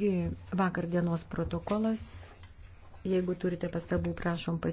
Gi vakar dienos protokolas, jeigu turite pastabų, prašom patikrinti.